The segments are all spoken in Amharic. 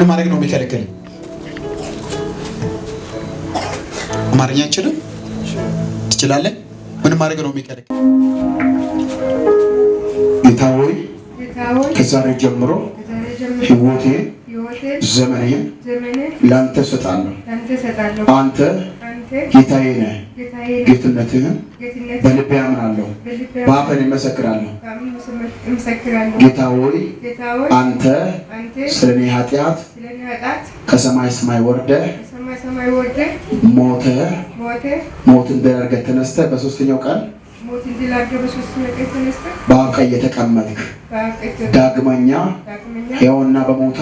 ምን ማድረግ ነው የሚከለክል? አማርኛ አይችልም ትችላለህ? ምን ማድረግ ነው የሚከለክል? ጌታ ሆይ ከዛሬ ጀምሮ ሕይወቴ ዘመኔን ላንተ ሰጣለሁ አንተ ጌታዬ ነህ። ጌትነትህን በልቤ አምናለሁ፣ በአፈን ይመሰክራለሁ። ጌታ ሆይ አንተ ስለ እኔ ኃጢአት ከሰማይ ሰማይ ወርደ ሞተ ሞትን ድል አድርገህ ተነስተህ በሦስተኛው ቀን በአብ እየተቀመጥክ ዳግመኛ ሕያውና በሞታ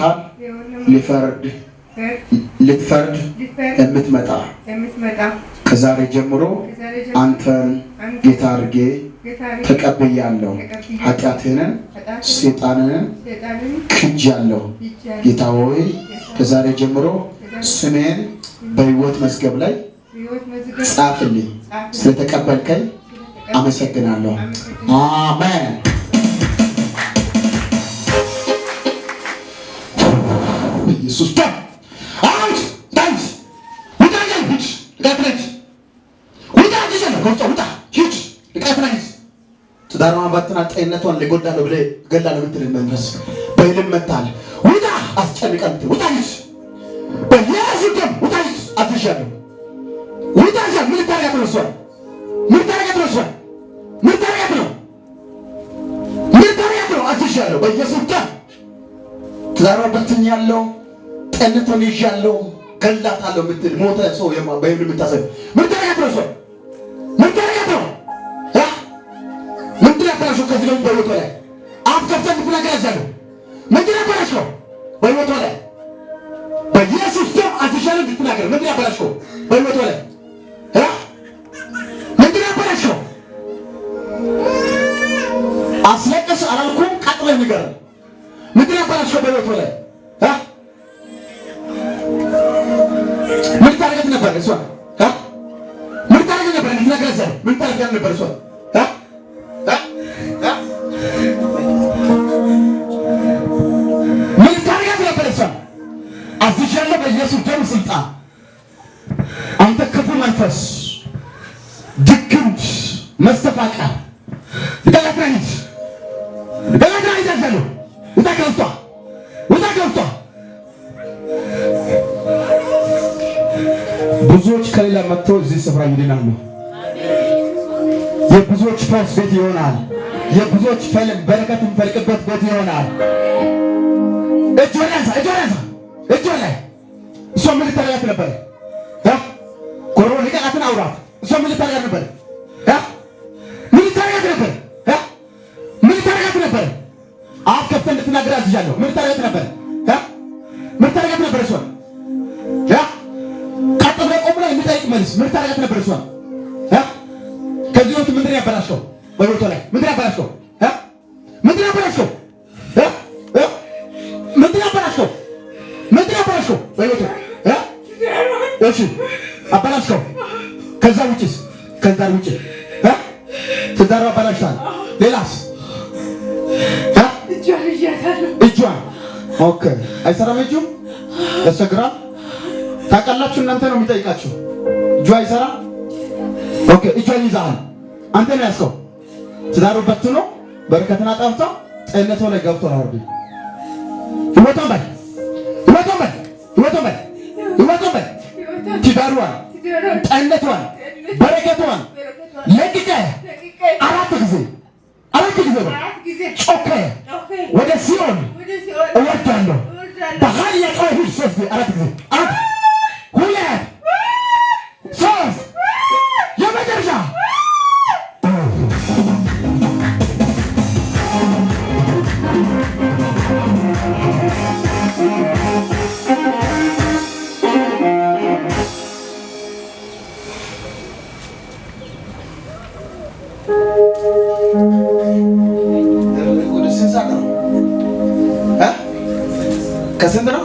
ሊፈርድ ልትፈርድ የምትመጣ ከዛሬ ጀምሮ አንተን ጌታ አድርጌ ተቀብያለሁ። ኃጢአትህንን፣ ሴጣንን ክጃለሁ። ጌታ ሆይ ከዛሬ ጀምሮ ስሜን በሕይወት መዝገብ ላይ ጻፍልኝ። ስለተቀበልከኝ አመሰግናለሁ። አሜን። ኢየሱስ ዳክነት ውጣ ተሰለ ከውጣ ውጣ ሂድ ንቃት ናይዝ ትዳሯን ባትና ጤንነቷን ሊጎዳ ነው ብለህ ገላ ነው ምትል መንፈስ በይልም መታል ውጣ አስጨንቃ ምትል ውጣ ሂድ በያዝ ደም ውጣ ሂድ አትሻለሁ ውጣ ሂድ ምን ታረጋ ተነሷል ምን ታረጋ ተነሷል ምን ታረጋ ነው ምን ታረጋ ነው አትሻለሁ በኢየሱስ ታ ትዳሯን ባትና ያለው ጤንነቷን ይዣለሁ ገላታለሁ የምትል ሞተ ሰው በይብል የምታሰብ ምንድን ነው ያተረፈ? ምንድን ነው ያተረፈ? ምንድን ነው ከዚህ ነው በህይወቱ ላይ አፍ ከፍተህ እንድትናገር ያዛለሁ። ምንድን ነው ያተረፈ? ላይ በኢየሱስ ስም አትሻለ እንድትናገር ምንድን ነው ያተረፈ? ላይ ምንድን አላልኩም? ቀጥለህ ንገር። ምንድን ነው ያተረፈ? በህይወቱ ላይ ነበር እሷ ምን ታደርግ ነበር? ነግረዘ ምን ታደርግ ነበር እሷ ምን ታደርግ ነበር እሷ? አዝዣለሁ በኢየሱስ ደም ስልጣን፣ አንተ ክፉ መንፈስ፣ ድግምት፣ መስተፋቀር ውጣ ከእሷ ውጣ ከእሷ ብዙዎች ከሌላ መጥተው እዚህ ስፍራ ይድናሉ። የብዙዎች ፈውስ ቤት ይሆናል። የብዙዎች በረከት የሚፈልቅበት ቤት ይሆናል። እጆን ያንሳ፣ እጆን ያንሳ፣ እጆን ላይ እሷ ምን ልታደርጋት ነበር? ኮሮ ሊቀቃትን አውራት። እሷ ምን ልታደርጋት ነበር? ምን ልታደርጋት ነበር? ምን ልታደርጋት ነበር? አፍ ከፍተህ እንድትናገር አዝዣለሁ። ምን ልታደርጋት ነበር? ምን ልታደርጋት ነበር እሷ መልስ ምን ታረጋት ነበር? እሷ ከዚህ ወት ምንድን ያበላሽው? በሮቶ ላይ ምንድን ያበላሽው? ምንድን ያበላሽከው? ምንድን ያበላሽከው? ምንድን ያበላሽው? በሮቶ እሺ አበላሽው። ከዛ ውጭስ? ከዛ ውጭ ትዳሩ አበላሽታል። ሌላስ? እጇን ኦኬ፣ አይሰራም እጁ ያስቸግራል። ታውቃላችሁ፣ እናንተ ነው የሚጠይቃችሁ እጁ አይሰራ። ኦኬ፣ እጇን ይዛሃል አንተ ነው ያስከው። ትዳሩ በትኖ በረከትና ጠፍቶ ጤነቶ ላይ ገብቶ አውርድ። ህይወቱን በል፣ ህይወቱን በል፣ ህይወቱን በል፣ ህይወቱን በል። ትዳሩዋን፣ ጤነቷን፣ በረከቷን ለቅቄ አራት ጊዜ አራት ጊዜ ነው ጮኬ ወደ ሲኦል እወርዳለሁ። በኃይለ ቃል አራት ጊዜ አራት ስንት ነው?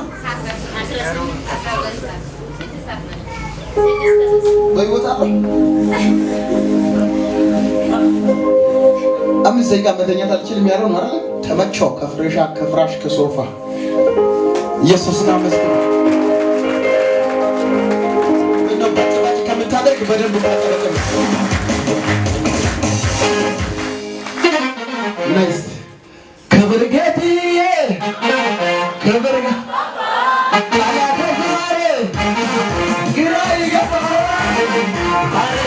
አምስት ደቂቃ መተኛት አልችልም ያለው ነው አይደል? ተመቸው ከፍሬሻ ከፍራሽ ከሶፋ ኢየሱስን አመስግን። በደንብ